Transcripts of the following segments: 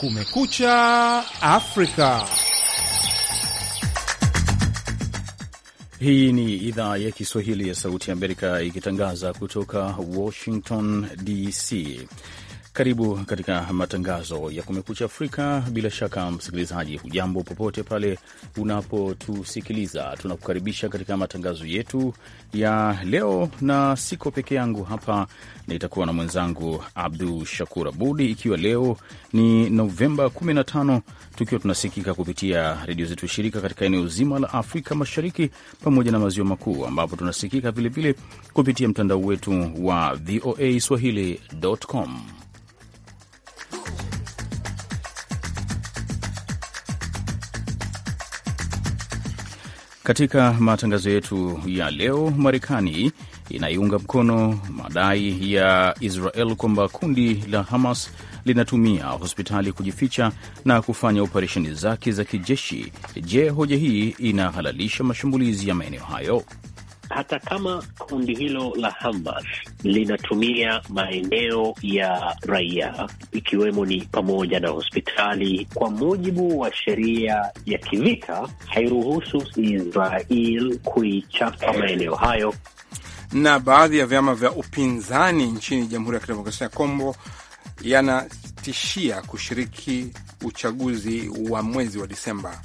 Kumekucha Afrika. Hii ni idhaa ya Kiswahili ya Sauti ya Amerika ikitangaza kutoka Washington DC. Karibu katika matangazo ya Kumekucha Afrika. Bila shaka, msikilizaji, hujambo popote pale unapotusikiliza. Tunakukaribisha katika matangazo yetu ya leo, na siko peke yangu hapa, nitakuwa na mwenzangu Abdu Shakur Abudi, ikiwa leo ni Novemba 15, tukiwa tunasikika kupitia redio zetu shirika katika eneo zima la Afrika Mashariki pamoja na Maziwa Makuu, ambapo tunasikika vilevile kupitia mtandao wetu wa voa swahili.com. Katika matangazo yetu ya leo, Marekani inaiunga mkono madai ya Israel kwamba kundi la Hamas linatumia hospitali kujificha na kufanya operesheni zake za kijeshi. Je, hoja hii inahalalisha mashambulizi ya maeneo hayo? hata kama kundi hilo la Hamas linatumia maeneo ya raia ikiwemo ni pamoja na hospitali, kwa mujibu wa sheria ya kivita hairuhusu Israel kuichapa maeneo hayo. Na baadhi ya vyama vya upinzani nchini Jamhuri ya Kidemokrasia ya Kongo yanatishia kushiriki uchaguzi wa mwezi wa Disemba.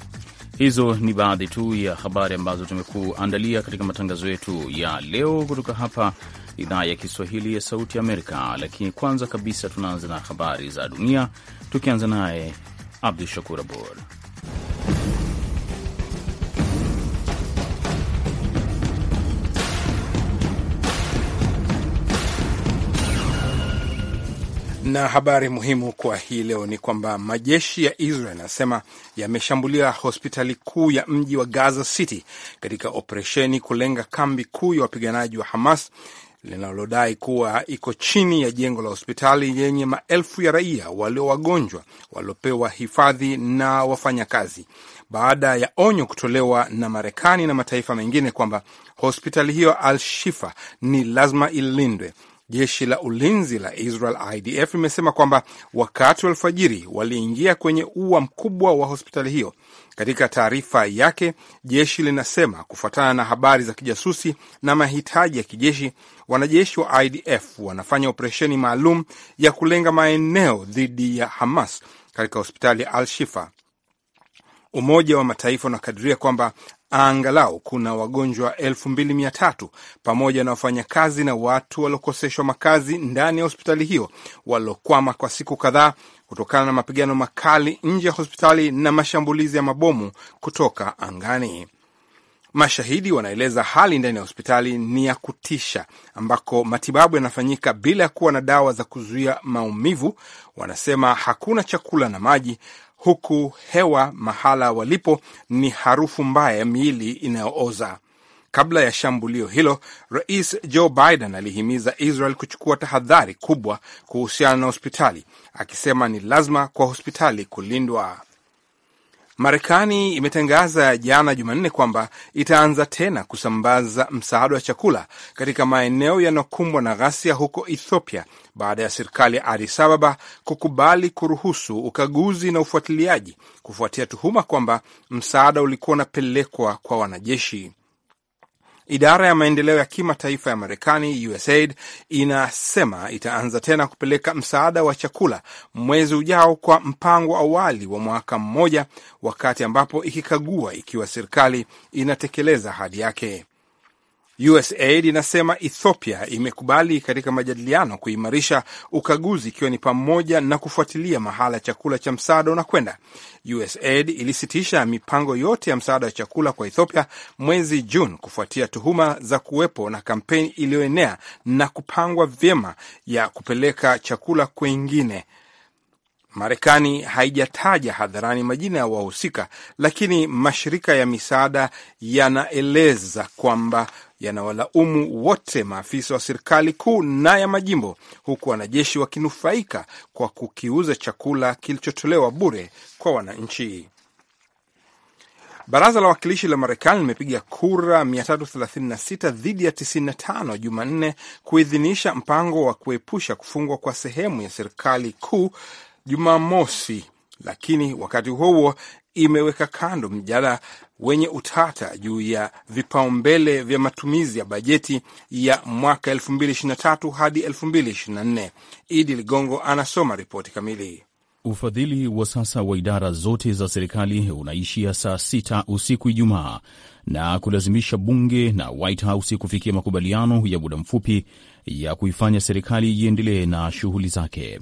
Hizo ni baadhi tu ya habari ambazo tumekuandalia katika matangazo yetu ya leo kutoka hapa idhaa ya Kiswahili ya Sauti Amerika. Lakini kwanza kabisa tunaanza na habari za dunia, tukianza naye Abdu Shakur Abord. Na habari muhimu kwa hii leo ni kwamba majeshi ya Israel yanasema yameshambulia hospitali kuu ya mji wa Gaza City katika operesheni kulenga kambi kuu ya wapiganaji wa Hamas linalodai kuwa iko chini ya jengo la hospitali yenye maelfu ya raia walio wagonjwa waliopewa hifadhi na wafanyakazi, baada ya onyo kutolewa na Marekani na mataifa mengine kwamba hospitali hiyo Al-Shifa ni lazima ilindwe. Jeshi la ulinzi la Israel IDF limesema kwamba wakati wa alfajiri waliingia kwenye ua mkubwa wa hospitali hiyo. Katika taarifa yake, jeshi linasema kufuatana na habari za kijasusi na mahitaji ya kijeshi, wanajeshi wa IDF wanafanya operesheni maalum ya kulenga maeneo dhidi ya Hamas katika hospitali ya Al Shifa. Umoja wa Mataifa unakadiria kwamba angalau kuna wagonjwa elfu mbili mia tatu pamoja na wafanyakazi na watu waliokoseshwa makazi ndani ya hospitali hiyo waliokwama kwa siku kadhaa kutokana na mapigano makali nje ya hospitali na mashambulizi ya mabomu kutoka angani. Mashahidi wanaeleza hali ndani ya hospitali ni ya kutisha, ambako matibabu yanafanyika bila ya kuwa na dawa za kuzuia maumivu. Wanasema hakuna chakula na maji, huku hewa mahala walipo ni harufu mbaya ya miili inayooza. Kabla ya shambulio hilo, Rais Joe Biden alihimiza Israel kuchukua tahadhari kubwa kuhusiana na hospitali, akisema ni lazima kwa hospitali kulindwa. Marekani imetangaza jana Jumanne kwamba itaanza tena kusambaza msaada wa chakula katika maeneo yanayokumbwa na ghasia huko Ethiopia baada ya serikali ya Addis Ababa kukubali kuruhusu ukaguzi na ufuatiliaji kufuatia tuhuma kwamba msaada ulikuwa unapelekwa kwa wanajeshi. Idara ya maendeleo ya kimataifa ya Marekani, USAID, inasema itaanza tena kupeleka msaada wa chakula mwezi ujao kwa mpango awali wa mwaka mmoja, wakati ambapo ikikagua ikiwa serikali inatekeleza ahadi yake. USAID inasema Ethiopia imekubali katika majadiliano kuimarisha ukaguzi ikiwa ni pamoja na kufuatilia mahala chakula cha msaada unakwenda. USAID ilisitisha mipango yote ya msaada wa chakula kwa Ethiopia mwezi Juni kufuatia tuhuma za kuwepo na kampeni iliyoenea na kupangwa vyema ya kupeleka chakula kwengine. Marekani haijataja hadharani majina ya wahusika, lakini mashirika ya misaada yanaeleza kwamba yanawalaumu wote maafisa wa serikali kuu na ya majimbo, huku wanajeshi wakinufaika kwa kukiuza chakula kilichotolewa bure kwa wananchi. Baraza la Wawakilishi la Marekani limepiga kura 336 dhidi ya 95 Jumanne kuidhinisha mpango wa kuepusha kufungwa kwa sehemu ya serikali kuu Jumamosi lakini wakati huo huo imeweka kando mjadala wenye utata juu ya vipaumbele vya matumizi ya bajeti ya mwaka 2023 hadi 2024. Idi Ligongo anasoma ripoti kamili. Ufadhili wa sasa wa idara zote za serikali unaishia saa sita usiku Ijumaa na kulazimisha bunge na White House kufikia makubaliano ya muda mfupi ya kuifanya serikali iendelee na shughuli zake.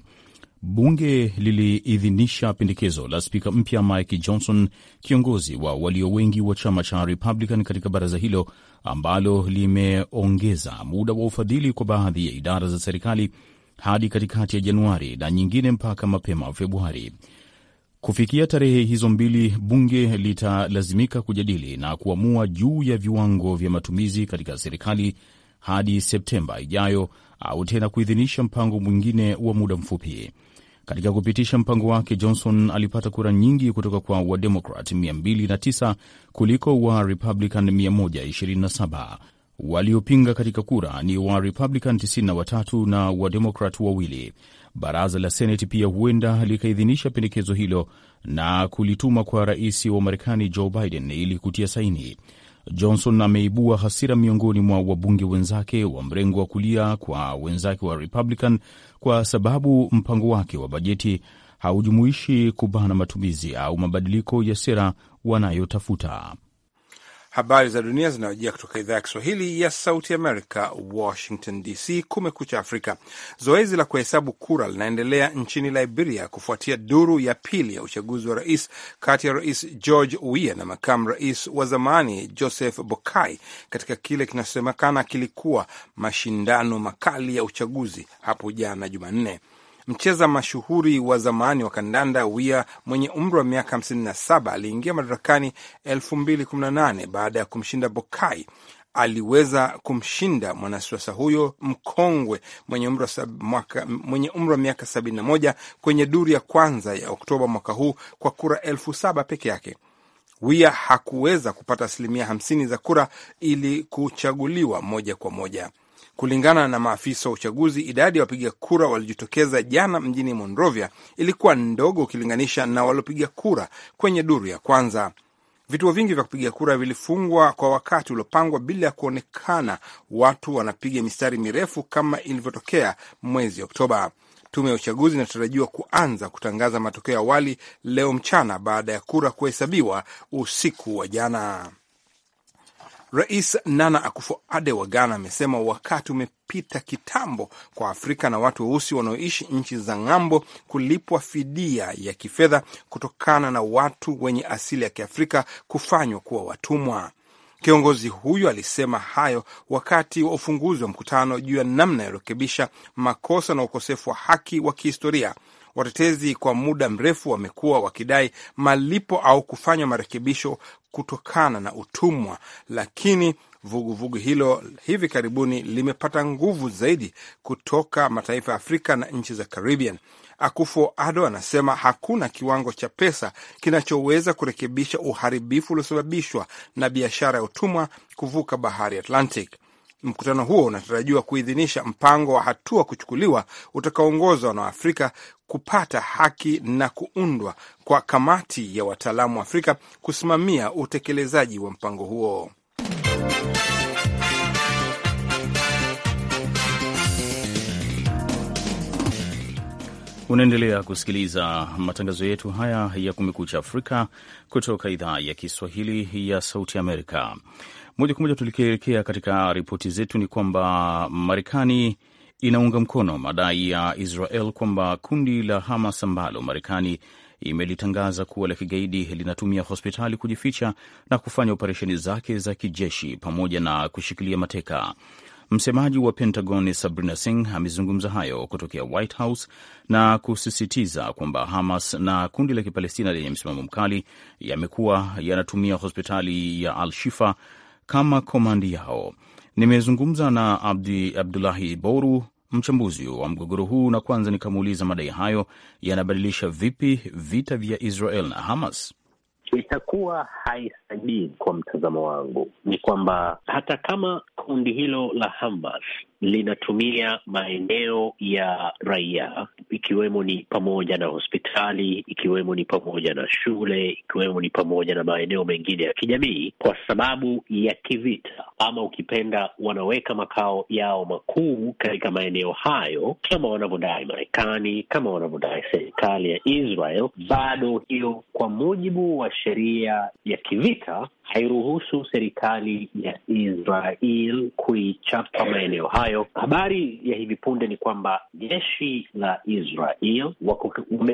Bunge liliidhinisha pendekezo la spika mpya Mike Johnson, kiongozi wa walio wengi wa chama cha Republican katika baraza hilo, ambalo limeongeza muda wa ufadhili kwa baadhi ya idara za serikali hadi katikati ya Januari na nyingine mpaka mapema Februari. Kufikia tarehe hizo mbili, bunge litalazimika kujadili na kuamua juu ya viwango vya matumizi katika serikali hadi Septemba ijayo au tena kuidhinisha mpango mwingine wa muda mfupi. Katika kupitisha mpango wake, Johnson alipata kura nyingi kutoka kwa Wademokrat 209 kuliko wa Republican 127. Waliopinga katika kura ni wa Republican 93 na Wademokrat wawili. Baraza la Seneti pia huenda likaidhinisha pendekezo hilo na kulituma kwa rais wa Marekani Joe Biden ili kutia saini. Johnson ameibua hasira miongoni mwa wabunge wenzake wa mrengo wa kulia kwa wenzake wa Republican kwa sababu mpango wake wa bajeti haujumuishi kubana matumizi au mabadiliko ya sera wanayotafuta. Habari za dunia zinayojia kutoka idhaa ya Kiswahili ya Sauti Amerika, Washington DC. Kumekucha Afrika. Zoezi la kuhesabu kura linaendelea nchini Liberia kufuatia duru ya pili ya uchaguzi wa rais kati ya Rais George Weah na makamu rais wa zamani Joseph Boakai katika kile kinasemekana kilikuwa mashindano makali ya uchaguzi hapo jana Jumanne. Mcheza mashuhuri wa zamani wa kandanda Wia mwenye umri wa miaka 57 aliingia madarakani 2018 baada ya kumshinda Bokai. Aliweza kumshinda mwanasiasa huyo mkongwe mwenye umri wa miaka 71 kwenye duru ya kwanza ya Oktoba mwaka huu kwa kura elfu saba peke yake. Wia hakuweza kupata asilimia 50 za kura ili kuchaguliwa moja kwa moja. Kulingana na maafisa wa uchaguzi, idadi ya wapiga kura waliojitokeza jana mjini Monrovia ilikuwa ndogo ukilinganisha na waliopiga kura kwenye duru ya kwanza. Vituo vingi vya kupiga kura vilifungwa kwa wakati uliopangwa bila ya kuonekana watu wanapiga mistari mirefu kama ilivyotokea mwezi Oktoba. Tume ya uchaguzi inatarajiwa kuanza kutangaza matokeo ya awali leo mchana baada ya kura kuhesabiwa usiku wa jana. Rais Nana akufo Ade wa Ghana amesema wakati umepita kitambo kwa Afrika na watu weusi wanaoishi nchi za ng'ambo kulipwa fidia ya kifedha kutokana na watu wenye asili ya Kiafrika kufanywa kuwa watumwa. Kiongozi huyo alisema hayo wakati wa ufunguzi wa mkutano juu ya namna ya makosa na ukosefu wa haki wa kihistoria. Watetezi kwa muda mrefu wamekuwa wakidai malipo au kufanywa marekebisho kutokana na utumwa, lakini vuguvugu vugu hilo hivi karibuni limepata nguvu zaidi kutoka mataifa ya Afrika na nchi za Caribbean. Akufo ado anasema hakuna kiwango cha pesa kinachoweza kurekebisha uharibifu uliosababishwa na biashara ya utumwa kuvuka bahari Atlantic. Mkutano huo unatarajiwa kuidhinisha mpango wa hatua kuchukuliwa utakaoongozwa na waafrika kupata haki na kuundwa kwa kamati ya wataalamu wa Afrika kusimamia utekelezaji wa mpango huo. Unaendelea kusikiliza matangazo yetu haya ya Kumekucha Afrika kutoka idhaa ya Kiswahili ya Sauti Amerika. Moja kwa moja tulikielekea katika ripoti zetu, ni kwamba Marekani inaunga mkono madai ya Israel kwamba kundi la Hamas ambalo Marekani imelitangaza kuwa la kigaidi linatumia hospitali kujificha na kufanya operesheni zake za kijeshi pamoja na kushikilia mateka. Msemaji wa Pentagon Sabrina Singh amezungumza hayo kutokea White House na kusisitiza kwamba Hamas na kundi la Kipalestina lenye msimamo mkali yamekuwa yanatumia hospitali ya Al Shifa kama komandi yao. Nimezungumza na Abdi Abdulahi Boru, mchambuzi wa mgogoro huu, na kwanza nikamuuliza madai hayo yanabadilisha vipi vita vya Israel na Hamas. Itakuwa haisaidii kwa mtazamo wangu, ni kwamba hata kama kundi hilo la Hamas linatumia maeneo ya raia, ikiwemo ni pamoja na hospitali, ikiwemo ni pamoja na shule, ikiwemo ni pamoja na maeneo mengine ya kijamii, kwa sababu ya kivita, ama ukipenda, wanaweka makao yao makuu katika maeneo hayo, kama wanavyodai Marekani, kama wanavyodai serikali ya Israel. Bado hiyo, kwa mujibu wa sheria ya kivita hairuhusu serikali ya Israel kuichapa maeneo hayo. Habari ya hivi punde ni kwamba jeshi la Israel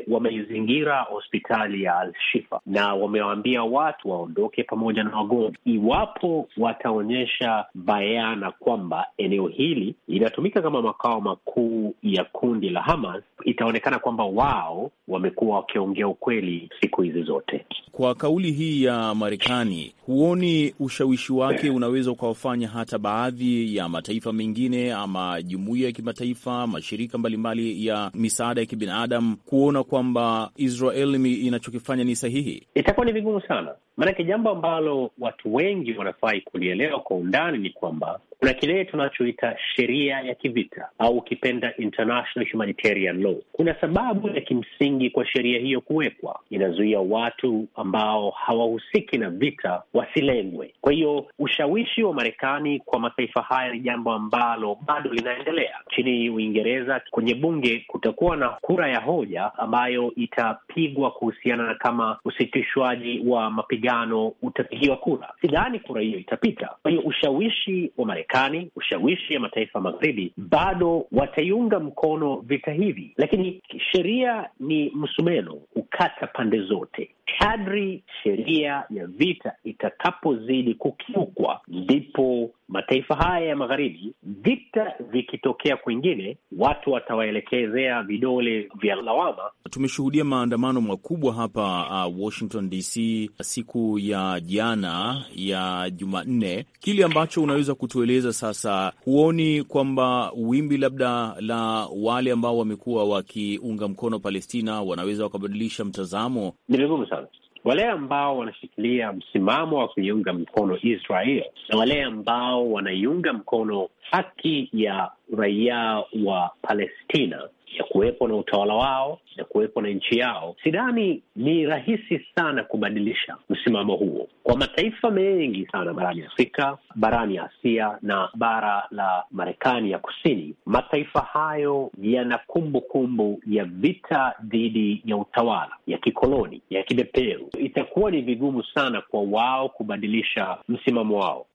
wameizingira wame hospitali ya Al-Shifa na wamewaambia watu waondoke pamoja na wagonjwa, iwapo wataonyesha bayana kwamba eneo hili linatumika kama makao makuu ya kundi la Hamas, itaonekana kwamba wao wamekuwa wakiongea ukweli siku hizi zote. Kwa kauli hii ya Marekani, huoni ushawishi wake unaweza ukawafanya hata baadhi ya mataifa mengine ama jumuiya ya kimataifa, mashirika mbalimbali ya misaada ya kibinadamu kuona kwamba Israel inachokifanya ni sahihi? Itakuwa ni vigumu sana, Maanake jambo ambalo watu wengi wanafai kulielewa kwa undani ni kwamba kuna kile tunachoita sheria ya kivita au ukipenda international humanitarian law. Kuna sababu ya kimsingi kwa sheria hiyo kuwekwa, inazuia watu ambao hawahusiki na vita wasilengwe. Kwa hiyo ushawishi wa Marekani kwa mataifa haya ni jambo ambalo bado linaendelea. Nchini Uingereza, kwenye bunge kutakuwa na kura ya hoja ambayo itapigwa kuhusiana na kama usitishwaji wa mapigano mapigano utapigiwa kura. Sidhani kura hiyo itapita. Kwa hiyo ushawishi wa Marekani, ushawishi ya mataifa magharibi bado wataiunga mkono vita hivi, lakini sheria ni msumeno, hukata pande zote. Kadri sheria ya vita itakapozidi kukiukwa, ndipo mataifa haya ya magharibi, vita vikitokea kwingine, watu watawaelekezea vidole vya lawama. Tumeshuhudia maandamano makubwa hapa uh, Washington DC siku ya jana ya Jumanne. Kile ambacho unaweza kutueleza sasa, huoni kwamba wimbi labda la wale ambao wamekuwa wakiunga mkono Palestina wanaweza wakabadilisha mtazamo? Ni vigumu sana wale ambao wanashikilia msimamo wa kuiunga mkono Israel na wale ambao wanaiunga mkono haki ya raia wa Palestina ya kuwepo na utawala wao ya kuwepo na nchi yao, sidhani ni rahisi sana kubadilisha msimamo huo kwa mataifa mengi sana barani Afrika, barani Asia na bara la Marekani ya Kusini. Mataifa hayo yana kumbukumbu ya vita dhidi ya utawala ya kikoloni ya kibeperu. Itakuwa ni vigumu sana kwa wao kubadilisha msimamo wao.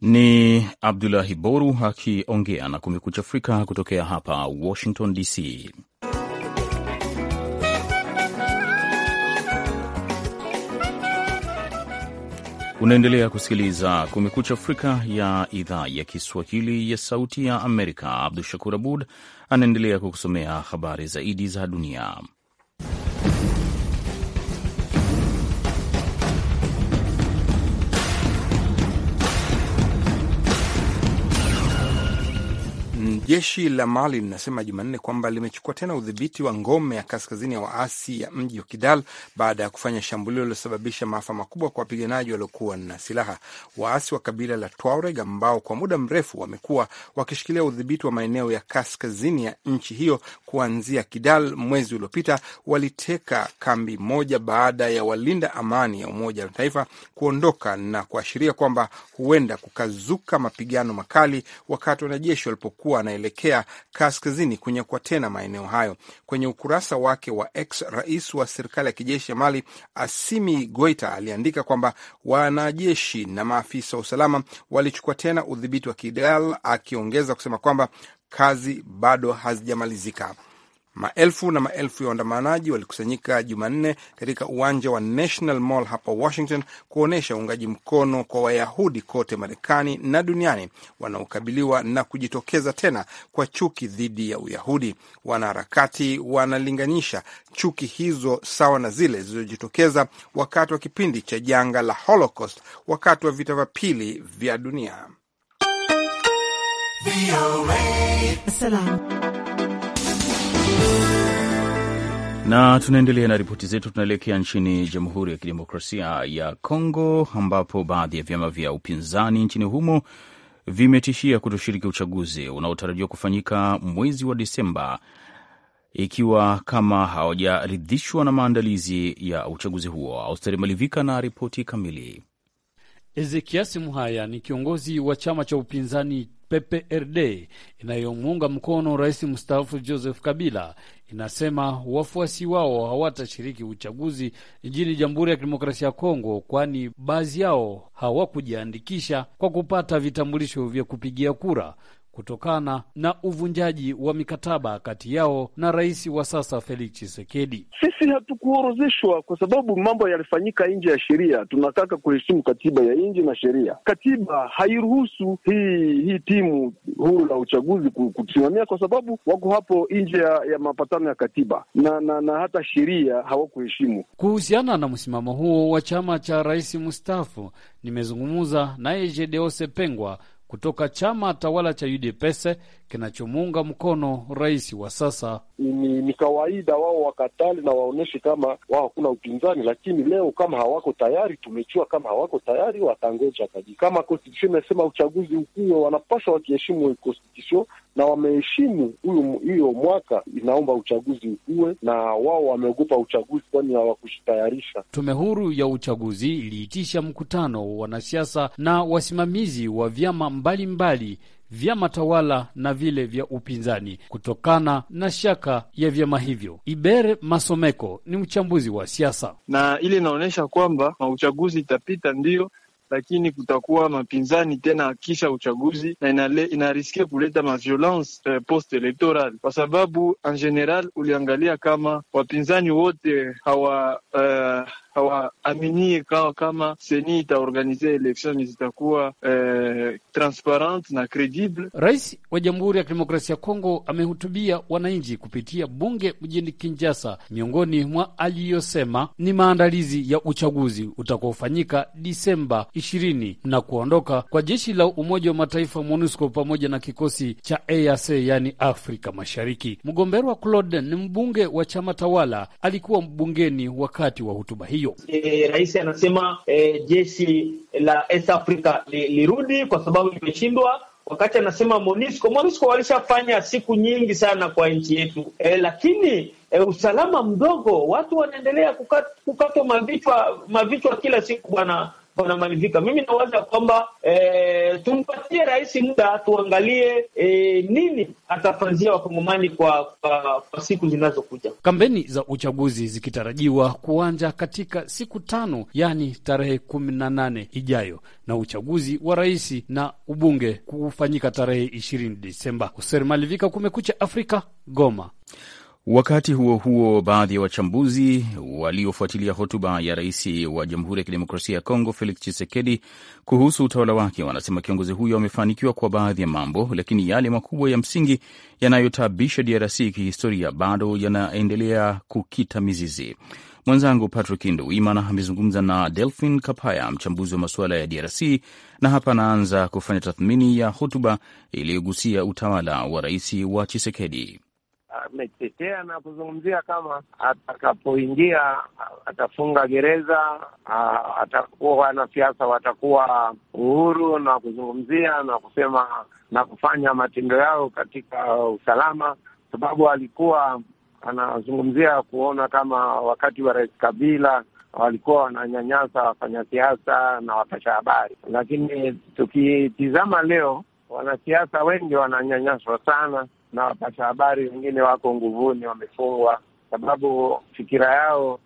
Ni Abdulahi Boru akiongea na Kumekucha Afrika kutokea hapa Washington DC. Unaendelea kusikiliza Kumekucha Afrika ya idhaa ya Kiswahili ya Sauti ya Amerika. Abdu Shakur Abud anaendelea kukusomea habari zaidi za dunia. Jeshi la Mali linasema Jumanne kwamba limechukua tena udhibiti wa ngome ya kaskazini ya waasi ya mji wa Kidal baada ya kufanya shambulio lililosababisha maafa makubwa kwa wapiganaji waliokuwa na silaha. Waasi wa kabila la Tuareg ambao kwa muda mrefu wamekuwa wakishikilia udhibiti wa maeneo ya kaskazini ya nchi hiyo kuanzia Kidal mwezi uliopita, waliteka kambi moja baada ya walinda amani ya Umoja wa Mataifa kuondoka na kuashiria kwamba huenda kukazuka mapigano makali wakati wanajeshi walipokuwa na inaelekea kaskazini kunyakua tena maeneo hayo. Kwenye ukurasa wake wa X, rais wa serikali ya kijeshi ya Mali Asimi Goita aliandika kwamba wanajeshi na maafisa wa usalama walichukua tena udhibiti wa Kidal, akiongeza kusema kwamba kazi bado hazijamalizika. Maelfu na maelfu ya waandamanaji walikusanyika Jumanne katika uwanja wa National Mall hapa Washington kuonyesha uungaji mkono kwa Wayahudi kote Marekani na duniani wanaokabiliwa na kujitokeza tena kwa chuki dhidi ya Uyahudi. Wanaharakati wanalinganisha chuki hizo sawa na zile zilizojitokeza wakati wa kipindi cha janga la Holocaust wakati wa vita vya pili vya dunia. Na tunaendelea na ripoti zetu. Tunaelekea nchini Jamhuri ya Kidemokrasia ya Kongo, ambapo baadhi ya vyama vya upinzani nchini humo vimetishia kutoshiriki uchaguzi unaotarajiwa kufanyika mwezi wa disemba ikiwa kama hawajaridhishwa na maandalizi ya uchaguzi huo. Austeri Malivika na ripoti kamili. Ezekiasi Muhaya ni kiongozi wa chama cha upinzani PPRD inayomuunga mkono rais mstaafu Joseph Kabila inasema wafuasi wao hawatashiriki uchaguzi nchini Jamhuri ya Kidemokrasia ya Kongo, kwani baadhi yao hawakujiandikisha kwa kupata vitambulisho vya kupigia kura kutokana na uvunjaji wa mikataba kati yao na rais wa sasa Felix chisekedi Sisi hatukuorozeshwa kwa sababu mambo yalifanyika nje ya sheria. Tunataka kuheshimu katiba ya nje na sheria. Katiba hairuhusu hii hii timu huru la uchaguzi kusimamia, kwa sababu wako hapo nje ya, ya mapatano ya katiba na na, na hata sheria hawakuheshimu. Kuhusiana na msimamo huo wa chama cha rais mustafu nimezungumza naye Jedeose Pengwa kutoka chama tawala cha UDPS kinachomuunga mkono rais wa sasa. Ni, ni kawaida wao wakatali na waonyeshe kama wao hakuna upinzani, lakini leo kama hawako tayari, tumechua kama hawako tayari watangoja kaji. Kama konstitution inasema uchaguzi ukuwe, wanapaswa wakiheshimu konstitution na wameheshimu huyo hiyo mwaka inaomba uchaguzi ukuwe, na wao wameogopa uchaguzi, kwani hawakujitayarisha. Tume huru ya uchaguzi iliitisha mkutano wa wanasiasa na wasimamizi wa vyama mbalimbali vyama tawala na vile vya upinzani kutokana na shaka ya vyama hivyo. Ibere Masomeko ni mchambuzi wa siasa, na ile inaonyesha kwamba uchaguzi itapita, ndiyo lakini kutakuwa mapinzani tena kisha uchaguzi na inale, kuleta maviolence eh, post electoral, kwa sababu en general uliangalia kama wapinzani wote hawa uh, hawaamini kawa kama seni itaorganize election zitakuwa eh, transparent na credible. Rais wa Jamhuri ya Kidemokrasia ya Kongo amehutubia wananchi kupitia bunge mjini Kinshasa. Miongoni mwa aliyosema ni maandalizi ya uchaguzi utakaofanyika Disemba ishirini na kuondoka kwa jeshi la Umoja wa Mataifa MONUSCO pamoja na kikosi cha EAC yani Afrika Mashariki. Mgomberwa Claude ni mbunge wa chama tawala, alikuwa mbungeni wakati wa hutuba hiyo hiyo. E, rais anasema e, jeshi la East Africa lirudi li kwa sababu limeshindwa wakati anasema MONUSCO, MONUSCO walishafanya siku nyingi sana kwa nchi yetu e, lakini e, usalama mdogo, watu wanaendelea kukatwa mavichwa mavichwa kila siku, bwana wanamalizika. Mimi nawaza kwamba e, tumpatie rais muda tuangalie e, eh, nini atafanzia wakongomani kwa, kwa, kwa siku zinazokuja. Kampeni za uchaguzi zikitarajiwa kuanja katika siku tano, yaani tarehe kumi na nane ijayo na uchaguzi wa rais na ubunge kufanyika tarehe ishirini Disemba. Hoser Malivika, Kumekucha Afrika, Goma. Wakati huo huo, baadhi ya wa wachambuzi waliofuatilia hotuba ya rais wa Jamhuri ya Kidemokrasia ya Kongo Felix Tshisekedi kuhusu utawala wake wanasema kiongozi huyo amefanikiwa kwa baadhi ya mambo, lakini yale makubwa ya msingi yanayotabisha DRC kihistoria bado yanaendelea kukita mizizi. Mwenzangu Patrick nduimana amezungumza na Delphin Kapaya, mchambuzi wa masuala ya DRC, na hapa anaanza kufanya tathmini ya hotuba iliyogusia utawala wa rais wa chisekedi ametetea na kuzungumzia kama atakapoingia atafunga gereza, atakuwa wanasiasa watakuwa uhuru na kuzungumzia na kusema na kufanya matendo yao katika usalama, sababu alikuwa anazungumzia kuona kama wakati wa Rais Kabila walikuwa wananyanyasa wafanyasiasa na wapasha habari, lakini tukitizama leo wanasiasa wengi wananyanyaswa sana na wapasha habari wengine wako nguvuni, wamefungwa sababu fikira yao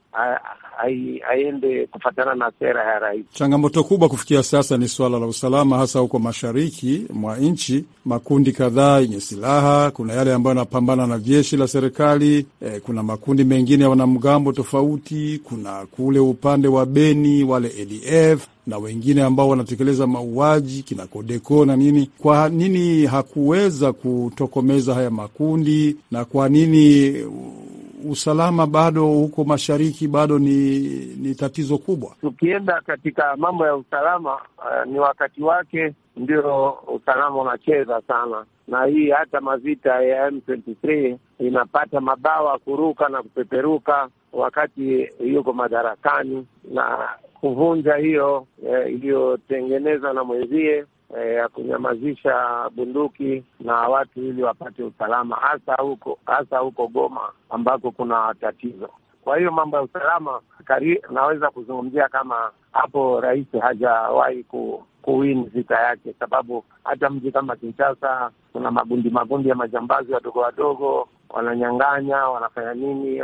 haiende kufatana na sera ya rais. Changamoto kubwa kufikia sasa ni suala la usalama, hasa huko mashariki mwa nchi. Makundi kadhaa yenye silaha, kuna yale ambayo yanapambana na jeshi la serikali e, kuna makundi mengine ya wanamgambo tofauti, kuna kule upande wa Beni wale ADF na wengine ambao wanatekeleza mauaji kina Kodeko na nini. Kwa nini hakuweza kutokomeza haya makundi na kwa nini usalama bado huko mashariki bado ni, ni tatizo kubwa. Tukienda katika mambo ya usalama uh, ni wakati wake ndio usalama unacheza sana, na hii hata mavita ya M23 inapata mabawa kuruka na kupeperuka wakati yuko madarakani na kuvunja hiyo eh, iliyotengenezwa na mwenzie E, ya kunyamazisha bunduki na watu ili wapate usalama, hasa huko hasa huko Goma ambako kuna tatizo. Kwa hiyo mambo ya usalama kari, naweza kuzungumzia kama hapo rais hajawahi ku kuwin vita yake, sababu hata mji kama Kinshasa kuna magundi magundi ya majambazi wadogo wadogo, wananyang'anya, wanafanya nini,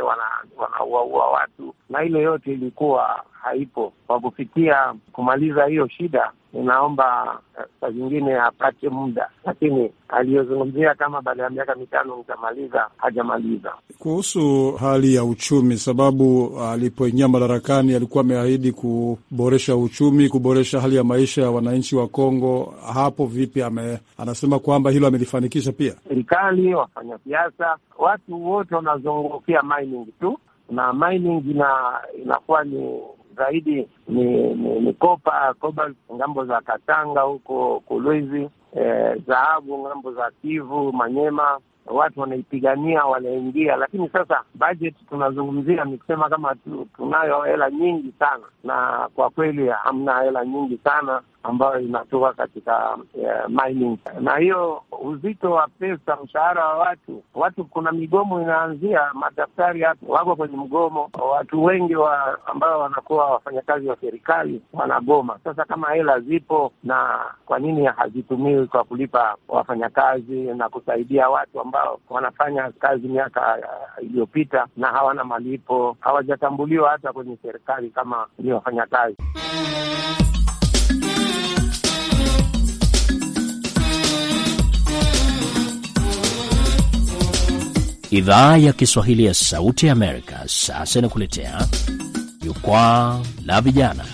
wanauaua wana watu, na ile yote ilikuwa haipo. Kwa kufikia kumaliza hiyo shida, inaomba eh, saa zingine apate muda, lakini aliyozungumzia kama baada ya miaka mitano nitamaliza, hajamaliza. Kuhusu hali ya uchumi, sababu alipoingia madarakani alikuwa ameahidi kuboresha uchumi, kuboresha hali ya maisha ya wananchi wa Kongo. Hapo vipi ame, anasema kwamba hilo amelifanikisha. Pia serikali, wafanyasiasa, watu wote wanazungukia mining tu na mining ina- inakuwa ni zaidi ni, ni, ni kopa koba ngambo za Katanga huko Kolwezi, eh, dhahabu ngambo za Kivu, Manyema watu wanaipigania wanaingia, lakini sasa budget tunazungumzia ni kusema kama tu, tunayo hela nyingi sana, na kwa kweli hamna hela nyingi sana ambayo inatoka katika uh, mining. Na hiyo uzito wa pesa, mshahara wa watu watu, kuna migomo inaanzia, madaktari hapo wako kwenye mgomo, watu wengi wa ambao wanakuwa wafanyakazi wa serikali wanagoma. Sasa kama hela zipo, na kwa nini hazitumiwi kwa kulipa wafanyakazi na kusaidia watu ambao wanafanya kazi miaka uh, iliyopita na hawana malipo, hawajatambuliwa hata kwenye serikali kama ni wafanyakazi Idhaa ya Kiswahili ya Sauti ya Amerika sasa inakuletea Jukwaa la Vijana.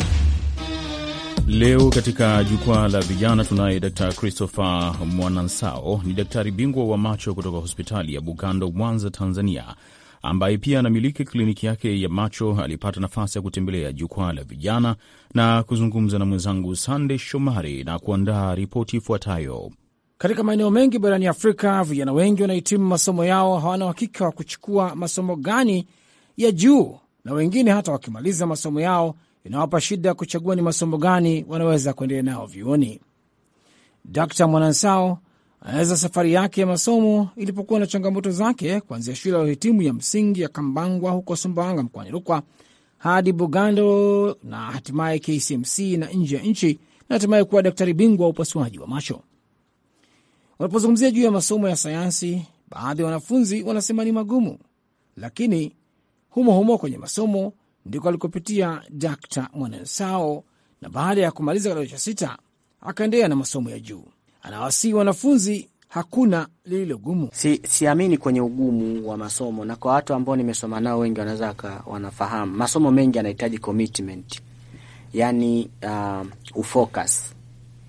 Leo katika Jukwaa la Vijana tunaye Dr Christopher Mwanansao. Ni daktari bingwa wa macho kutoka hospitali ya Bugando, Mwanza, Tanzania, ambaye pia anamiliki kliniki yake ya macho. Alipata nafasi ya kutembelea Jukwaa la Vijana na kuzungumza na mwenzangu Sande Shomari na kuandaa ripoti ifuatayo. Katika maeneo mengi barani Afrika, vijana wengi wanahitimu masomo yao hawana uhakika wa kuchukua masomo gani ya juu, na wengine hata wakimaliza masomo yao inawapa shida ya kuchagua ni masomo gani wanaweza kuendelea nayo vyuoni. Dkt Mwanansao anaweza safari yake ya masomo ilipokuwa na changamoto zake, kuanzia shule ya uhitimu ya msingi ya Kambangwa huko Sumbawanga mkoani Rukwa hadi Bugando na hatimaye KCMC na nje ya nchi na hatimaye kuwa daktari bingwa wa upasuaji wa macho. Wanapozungumzia juu ya masomo ya sayansi, baadhi ya wanafunzi wanasema ni magumu, lakini humo humo kwenye masomo ndiko alikopitia Dkt Mwanansao, na baada ya kumaliza kidato cha sita akaendelea na masomo ya juu. Anawasihi wanafunzi hakuna gumu. Si, siamini kwenye ugumu wa masomo, na kwa watu ambao nimesoma nao wengi wanaweza wanafahamu masomo mengi yanahitaji commitment, yani uh, ufocus,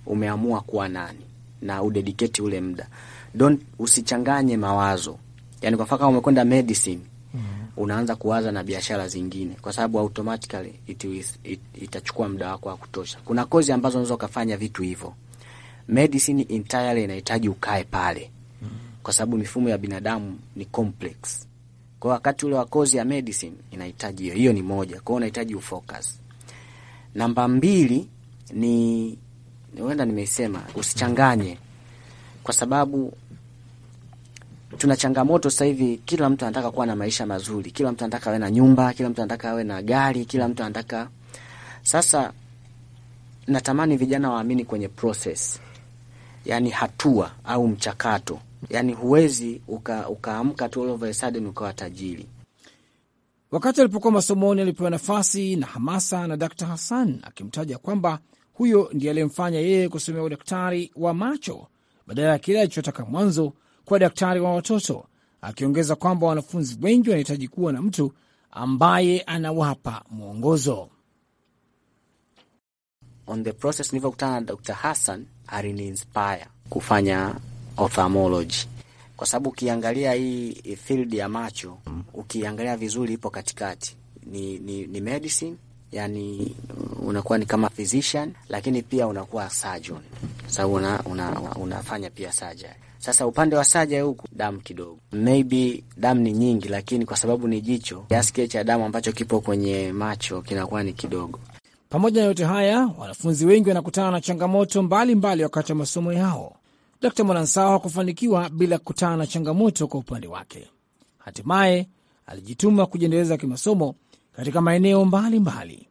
umeamua kuwa nani na udediketi ule muda. Don't usichanganye mawazo. Yaani kwa kama umekwenda medicine mm. unaanza kuwaza na biashara zingine kwa sababu automatically it is, it, itachukua muda wako wa kutosha. Kuna kozi ambazo unaweza kufanya vitu hivyo. Medicine entirely inahitaji ukae pale. Mm. Kwa sababu mifumo ya binadamu ni complex. Kwa wakati ule wa kozi ya medicine inahitaji hiyo. Hiyo ni moja. Kwa hiyo unahitaji ufocus. Namba mbili ni huenda nimeisema, usichanganye, kwa sababu tuna changamoto sasa hivi. Kila mtu anataka kuwa na maisha mazuri, kila mtu anataka awe na nyumba, kila mtu anataka awe na gari, kila mtu anataka sasa. Natamani vijana waamini kwenye process, yani hatua au mchakato, yani huwezi ukaamka uka tu all of a sudden ukawa tajiri. Wakati alipokuwa masomoni, alipewa nafasi na hamasa na Dr. Hassan akimtaja kwamba huyo ndiye aliyemfanya yeye kusomea udaktari wa macho badala ya kile alichotaka mwanzo kuwa daktari wa watoto, akiongeza kwamba wanafunzi wengi wanahitaji kuwa na mtu ambaye anawapa mwongozo. On the process, nilivyokutana na Dr. Hassan aliniinspire kufanya ophthalmology kwa sababu ukiangalia hii field ya macho ukiangalia vizuri ipo katikati, ni, ni, ni medicine yani unakuwa ni kama physician, lakini pia unakuwa surgeon, sababu una, una, una, unafanya pia surgery. Sasa upande wa saja huku damu kidogo, maybe damu ni nyingi, lakini kwa sababu ni jicho, kiasi kile cha damu ambacho kipo kwenye macho kinakuwa ni kidogo. Pamoja na yote haya, wanafunzi wengi wanakutana na changamoto mbalimbali wakati wa masomo yao. Dkt Mwanansawa hakufanikiwa bila kukutana na changamoto kwa upande wake. Hatimaye alijituma kujiendeleza kimasomo katika maeneo mbalimbali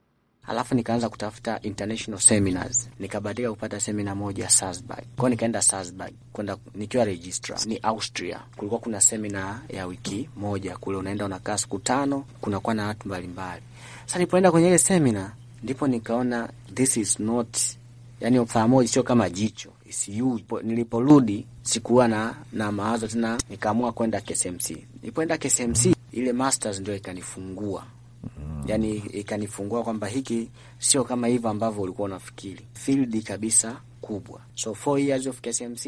alafu nikaanza kutafuta international seminars, nikabahatika kupata semina moja Salzburg. Kwao nikaenda Salzburg kwenda nikiwa registra. ni Austria. Kulikuwa kuna semina ya wiki moja kule, unaenda unakaa siku tano, kunakuwa na watu mbalimbali. Sasa nilipoenda kwenye ile semina, ndipo nikaona this is not, yani ufahamu sio kama jicho Niliporudi sikuwa na, na mawazo tena, nikaamua kwenda KSMC. Nilipoenda KSMC ile masters ndio ikanifungua yani ikanifungua kwamba hiki sio kama hivyo ambavyo ulikuwa unafikiri, field kabisa kubwa. So four years of KSMC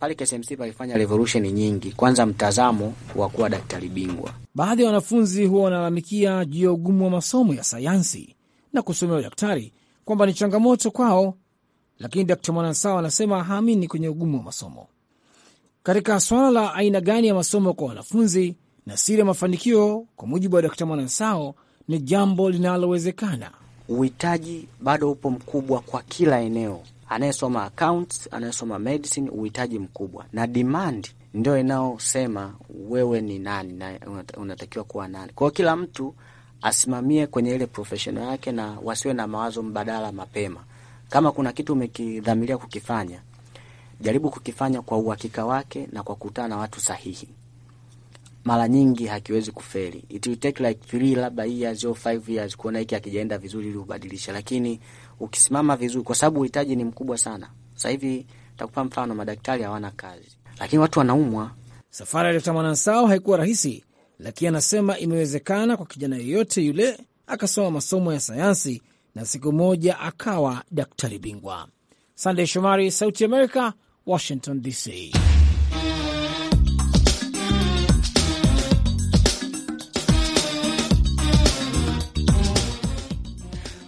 pale KSMC palifanya revolution nyingi. Kwanza mtazamo wa kuwa daktari bingwa. Baadhi ya wanafunzi huwa wanalalamikia juu ya ugumu wa masomo ya sayansi na kusomea udaktari kwamba ni changamoto kwao, lakini Daktari Mwanansawa anasema haamini kwenye ugumu wa masomo. Katika swala la aina gani ya masomo kwa wanafunzi na siri ya mafanikio, kwa mujibu wa Daktari Mwanasao ni jambo linalowezekana. Uhitaji bado upo mkubwa kwa kila eneo, anayesoma accounts, anayesoma medicine, uhitaji mkubwa na demand ndio inayosema wewe ni nani na unatakiwa kuwa nani. Kwa hiyo kila mtu asimamie kwenye ile profeshen yake na wasiwe na mawazo mbadala mapema. Kama kuna kitu umekidhamiria kukifanya, jaribu kukifanya kwa uhakika wake na kwa kukutana na watu sahihi mara nyingi hakiwezi kufeli. It will take like 3 labda years au 5 years kuona hiki akijaenda vizuri ili ubadilisha, lakini ukisimama vizuri, kwa sababu uhitaji ni mkubwa sana. Sasa hivi nitakupa mfano, madaktari hawana kazi, lakini watu wanaumwa. Safari ya Dr. Mwanansao haikuwa rahisi, lakini anasema imewezekana kwa kijana yeyote yule akasoma masomo ya sayansi na siku moja akawa daktari bingwa. Sandey Shomari, Sauti America, Washington DC.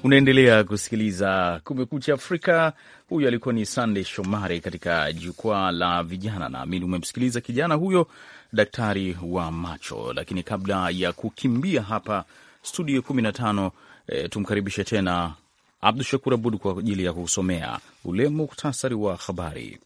Unaendelea kusikiliza Kumekucha Afrika. Huyu alikuwa ni Sandey Shomari katika jukwaa la vijana. Naamini umemsikiliza kijana huyo, daktari wa macho. Lakini kabla ya kukimbia hapa studio 15, e, eh, tumkaribishe tena Abdu Shakur Abud kwa ajili ya kusomea ule muktasari wa habari.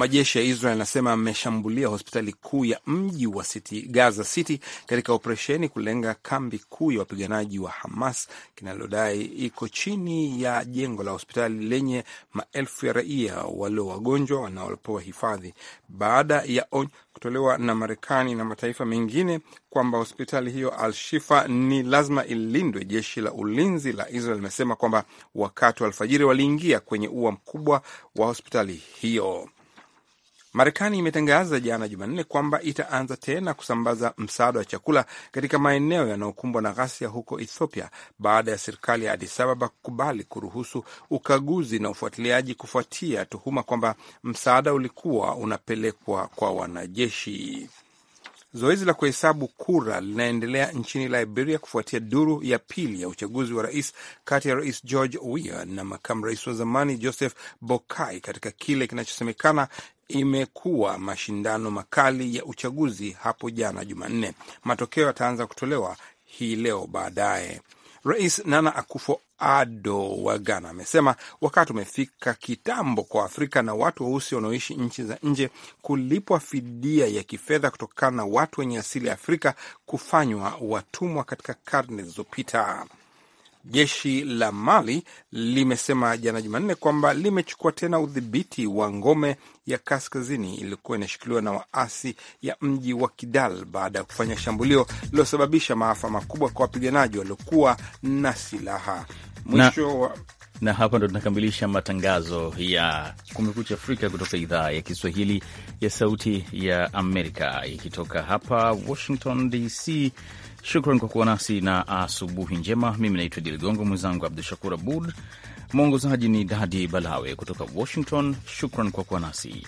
Majeshi ya Israel yanasema ameshambulia hospitali kuu ya mji wa City, Gaza City katika operesheni kulenga kambi kuu ya wapiganaji wa Hamas kinalodai iko chini ya jengo la hospitali lenye maelfu ya raia walio wagonjwa wanaopewa hifadhi baada ya onyo kutolewa na Marekani na mataifa mengine kwamba hospitali hiyo Al-Shifa ni lazima ilindwe. Jeshi la ulinzi la Israel limesema kwamba wakati wa alfajiri waliingia kwenye ua mkubwa wa hospitali hiyo. Marekani imetangaza jana Jumanne kwamba itaanza tena kusambaza msaada wa chakula katika maeneo yanayokumbwa na ghasia huko Ethiopia baada ya serikali ya Addis Ababa kukubali kuruhusu ukaguzi na ufuatiliaji kufuatia tuhuma kwamba msaada ulikuwa unapelekwa kwa wanajeshi. Zoezi la kuhesabu kura linaendelea nchini Liberia kufuatia duru ya pili ya uchaguzi wa rais kati ya rais George Weah na makamu rais wa zamani Joseph Boakai katika kile kinachosemekana imekuwa mashindano makali ya uchaguzi hapo jana Jumanne. Matokeo yataanza kutolewa hii leo baadaye. Rais Nana Akufo Ado wa Ghana amesema wakati umefika kitambo kwa Afrika na watu weusi wanaoishi nchi za nje kulipwa fidia ya kifedha kutokana na watu wenye asili ya Afrika kufanywa watumwa katika karne zilizopita. Jeshi la Mali limesema jana Jumanne kwamba limechukua tena udhibiti wa ngome ya kaskazini iliyokuwa inashikiliwa na waasi ya mji wa Kidal baada ya kufanya shambulio lililosababisha maafa makubwa kwa wapiganaji waliokuwa na silaha. Mwisho wa na hapa ndo tunakamilisha matangazo ya Kumekucha Afrika kutoka idhaa ya Kiswahili ya Sauti ya Amerika, ikitoka hapa Washington DC. Shukran kwa kuwa nasi na asubuhi njema. Mimi naitwa Idi Ligongo, mwenzangu Abdu Shakur Abud, mwongozaji ni Dadi Balawe kutoka Washington. Shukran kwa kuwa nasi.